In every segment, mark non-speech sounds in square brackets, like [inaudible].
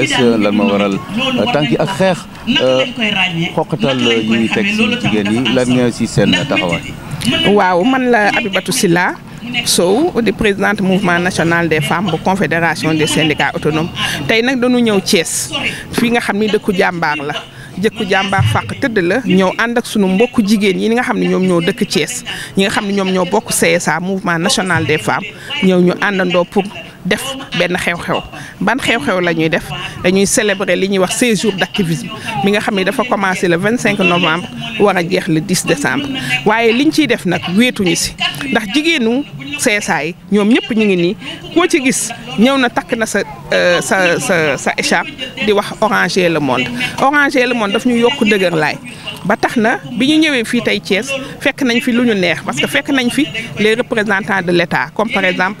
Thiès lan ma waral tànk yi ak xeex euh, xoqatal euh, yi teg jigéen yi lan nga si seen taxawaay. waaw man la Abibatou Silla Sow di présidente mouvement national des femme bu confédération des syndicats autonomes tey nag danu ñëw Thiès fii nga xam ni dëkku jàmbaar la. jëkk jàmbaar fàq tëdd la ñëw ànd ak sunu mbokku jigéen yi nga xam ne ñoom ñoo dëkk Thiès ñi nga xam ñoom ñoo bokk CSA mouvement national des femmes ñëw ñu àndandoo pour def Ben, xew-xew ban xew-xew lañuy def dañuy célébrer li ñuy wax 16 jours d'activisme mi nga xam ne dafa commencer le 25 novembre war a jeex le 10 décembre waaye liñ ciy def nag wéetuñu si ndax jigéenu CSA ñoom ñëpp ñu ngi nii koo ci gis ñëw na takk na sa euh, sa sa sa échappe. di wax Oranger le monde Oranger le monde daf ñu yokk dëgër laay ba tax na bi ñu ñëwee fii tey Thiès fekk nañ fi lu ñu neex parce que fekk nañ fi les représentants de l'État comme par exemple.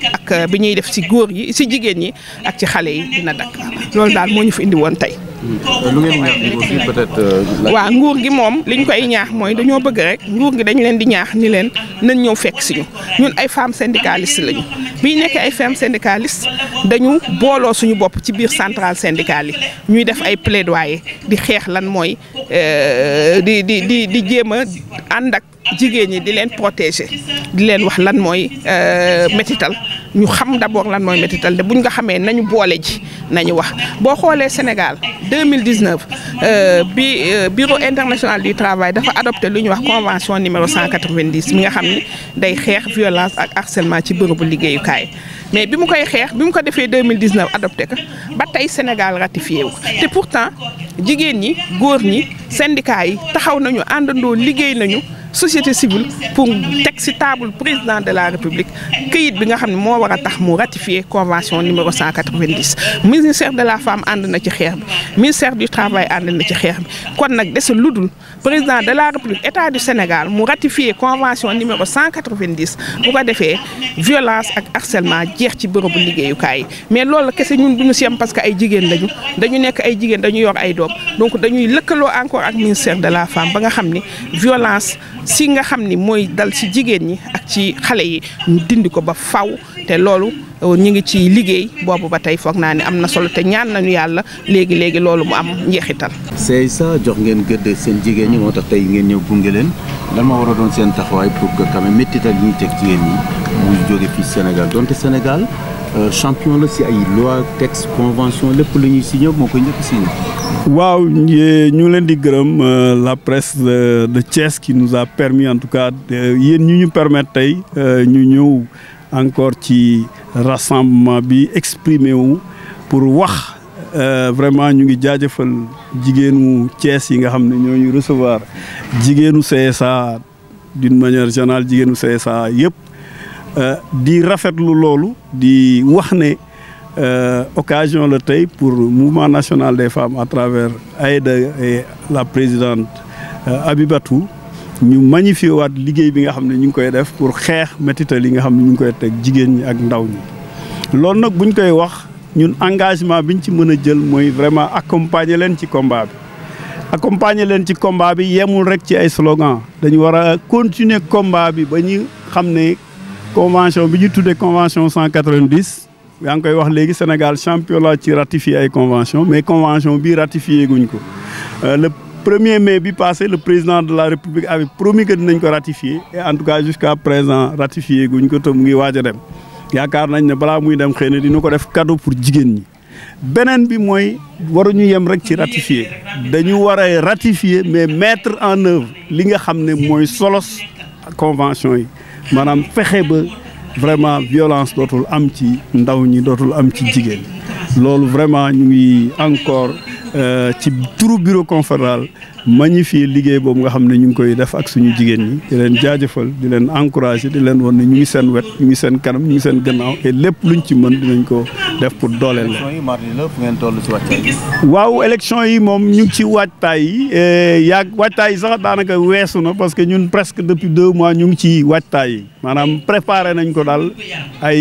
ak euh, bi ñuy def ci góor yi ci jigéen ñi ak ci xale yi dina dakk loolu daal moo ñu fi indi woon tey lu ngeen ñaax nguur gi peut-être euh, waa nguur gi moom liñ koy ñaax mooy dañoo bëgg rek nguur gi dañ leen di ñaax ni leen nañ ñëw fekk si ñun ay femmes syndicalistes lañu bi nekk ay femmes syndicalistes dañu booloo suñu bopp ci biir centrale syndicale yi ñuy def ay plaidoyer di xeex lan mooy euh, di di di di jéem a jigéen ñi di leen protéger di leen wax lan mooy euh, métital ñu xam d'abord lan mooy métital de buñ nga xamee nañu boole ji nañu wax boo xoolee Sénégal 2019 euh, bi euh, bureau international du travail dafa adopté lu ñuy wax convention numéro 190 mi nga xam ne day xeex violence ak harcèlement ci bërëbu liggéeyukaay mais bi mu koy xeex bi mu ko defee 2019 adopté ko ba tey Sénégal ratifié wu te pourtant jigéen ñi góor ñi syndicat yi taxaw nañu àndandoo liggéey nañu. société civile pour teg président de la république qui, bi nga xamni mo wara tax mu ratifier convention numéro 190 ministère de la femme and na ci xeex bi ministère du travail and na ci xeex bi kon nak dese lu président de la république état du Sénégal mu ratifier convention numéro 190 bu ko défé violence ak harcèlement jeex ci bërëbu liggéeyukaay kay mais loolu kese ñun du ñu si parce que ay jigéen lañu dañu nek ay jigéen dañu yor ay doom donc dañuy lekkelo encore ak ministère de la femme ba nga xamni violence. si nga xam ni mooy dal si jigéen ñi ak ci xale yi ñu dindi ko ba faw te loolu euh, ñu ngi ciy liggéey boobu ba tey foog naa ni am na solo te ñaan nañu yàlla léegi léegi loolu mu am njeexital. sa jox ngeen gëdd seen jigéen ñi moo tax tey ngeen ñëw gunge leen lan ma war a doon seen taxawaay pour que quand même méttital teg jigéen ñi muy jóge fii Sénégal donte Sénégal. Euh, champion la loi texte convention Les la ñuy signé moko ñëpp signé. waaw ñu euh, la presse de Thiès qui nous a permis en tout cas yeen ñu ñu nous euh, nous ñu ñëw encore ci rassemblement bi exprimer wu pour wax vraiment ñu ngi nous jigéenu Thiès yi nga xamné recevoir jigéenu CSA d'une manière générale jigéenu CSA yépp Euh, di rafetlu lolu di wax euh occasion le tay pour mouvement national des femmes à travers Aïda et la présidente euh, Abibatou ñu magnifier wat liggéey bi nga xam ñu ngi koy def pour xeex métital li nga xam ñu ngi koy tek jigen ñi ak ndaw ñi lool nak buñ koy wax ñun engagement biñ ci mëna a jël moy vraiment accompagner len ci combat bi accompagner len ci combat bi yemul rek ci ay slogan dañu wara a continuer combat bi ba ñu xam convention bi ñu tuddé convention 190 yang koy wax légui Sénégal champion la ci ratifié ay convention mais convention bi ratifié guñ ko euh, le 1er mai bi passé le président de la république avait promis que nous ko ratifier, et en tout cas jusqu'à présent ratifié guñ ko te ngi waaj dem yaakaar nañ ne bala muy dem xéne na ko def cadeau pour jigen ñi benen bi mooy waruñu yem rek ci ratifié dañu a mais mettre en œuvre li nga xamné moy solos convention yi maanaam fexe ba vraiment violence dootul am ci ndaw ñi dootul am ci jigéen loolu vraiment ñu ngi encore euh, ci turu bureau confédéral magnifier liggéey boobu nga xam ne ñu ngi koy def ak suñu jigéen ñi di leen jaajëfal di leen encourager di leen wan ne ñu ngi seen wet ñu ngi seen kanam ñu ngi seen gannaaw et lépp luñ ci mën dinañ ko def pour dooleel la waaw élection yi moom ñu ngi ci waajtaay yi yaag waajtaay yi sax daanaka weesu na parce que ñun presque depuis deux mois ñu ngi ci waajtaay yi maanaam préparer nañ ko daal ay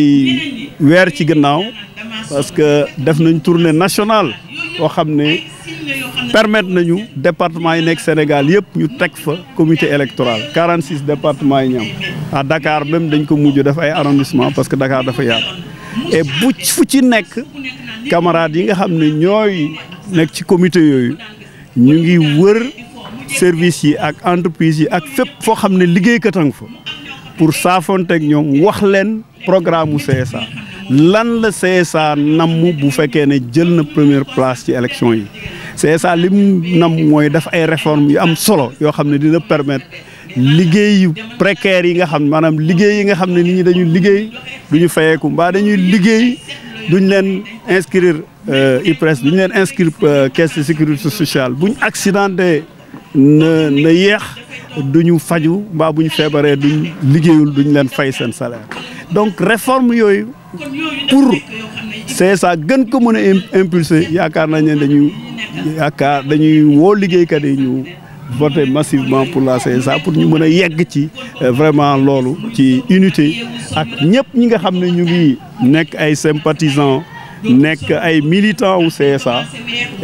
weer ci gannaaw parce que def nañ tournée nationale boo xam ne permettre nañu département yi nekk Sénégal yëpp ñu teg fa comité électoral 46 départements yi ñu a à Dakar dañ ko mujj def ay arrondissement parce que Dakar dafa yaatu et bu fu ci nekk camarades yi nga xam ne ñooy nekk ci comité yooyu ñu ngi wër service yi ak entreprise yi ak fépp foo xam ne liggéey a ngi fa pour saafonteeg ñoom wax leen programme mu CSA lan la CSA namm bu fekkee ne jël na première place ci élection yi c'est ça lim nam mooy def ay réformes yu am solo yoo xam ne dina permettre liggéey yu précaires yi nga xam maanaam liggéey yi nga xam ne nit ñi dañu liggéey duñu fayeeku mbaa dañuy liggéey duñ leen inscrire euh, IPRES duñ leen inscrire euh, caisse de sécurité sociale buñ accidenté na na yéex duñu faju mbaa bu ñu feebaree duñ liggéeyul duñ leen fay seen salaire donc réforme yooyu pour CSA gën ko mën a impulser yaakaar nañ ne dañuy yaakaar dañuy woo liggéeykat yi ñu voter massivement pour la CSA pour ñu mën yegg ci euh, vraiment loolu ci unité ak ñëpp ñi nga xam ne ñu ngi nekk ay sympathisants nekk ay militants wu CSA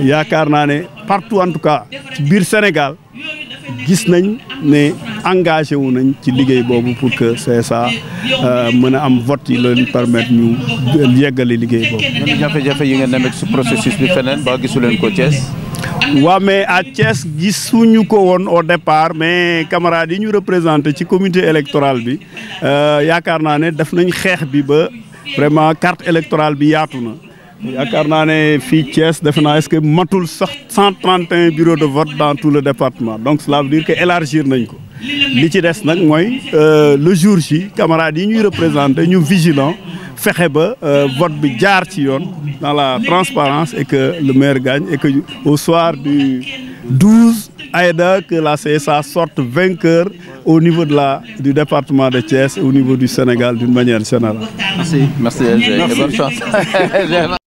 yaakaar naa ne partout en tout cas ci biir Sénégal gis nañ ne engagé wu nañ ci liggéey boobu pour que CSA euh, mën a am vote yi ñu permettre ñu yeggale liggéey boobu. ñoom jafe yi ngeen demee ci processus bi feneen ba ko Thiès. waaw mais à Thiès gisuñu ko woon au départ mais camarades yi ñu représenté ci comité électoral bi euh, yaakaar naa ne def nañ xeex bi ba vraiment carte électorale bi yaatu na. yaakaar naa Thiès defe est-ce que matul sax 131 bureaux de vote dans tout le département donc cela veut dire que élargir nañ ko li ci euh, le jour J, camarades yi ñuy représenter ñu vigilant le ba euh, vote bi jaar dans la transparence et que le maire gagne et que au soir du 12 Aïda que la CSA sorte vainqueur au niveau de la, du département de Thiès et au niveau du Sénégal d'une manière générale. Merci, merci, merci. bonne chance. [laughs] [laughs]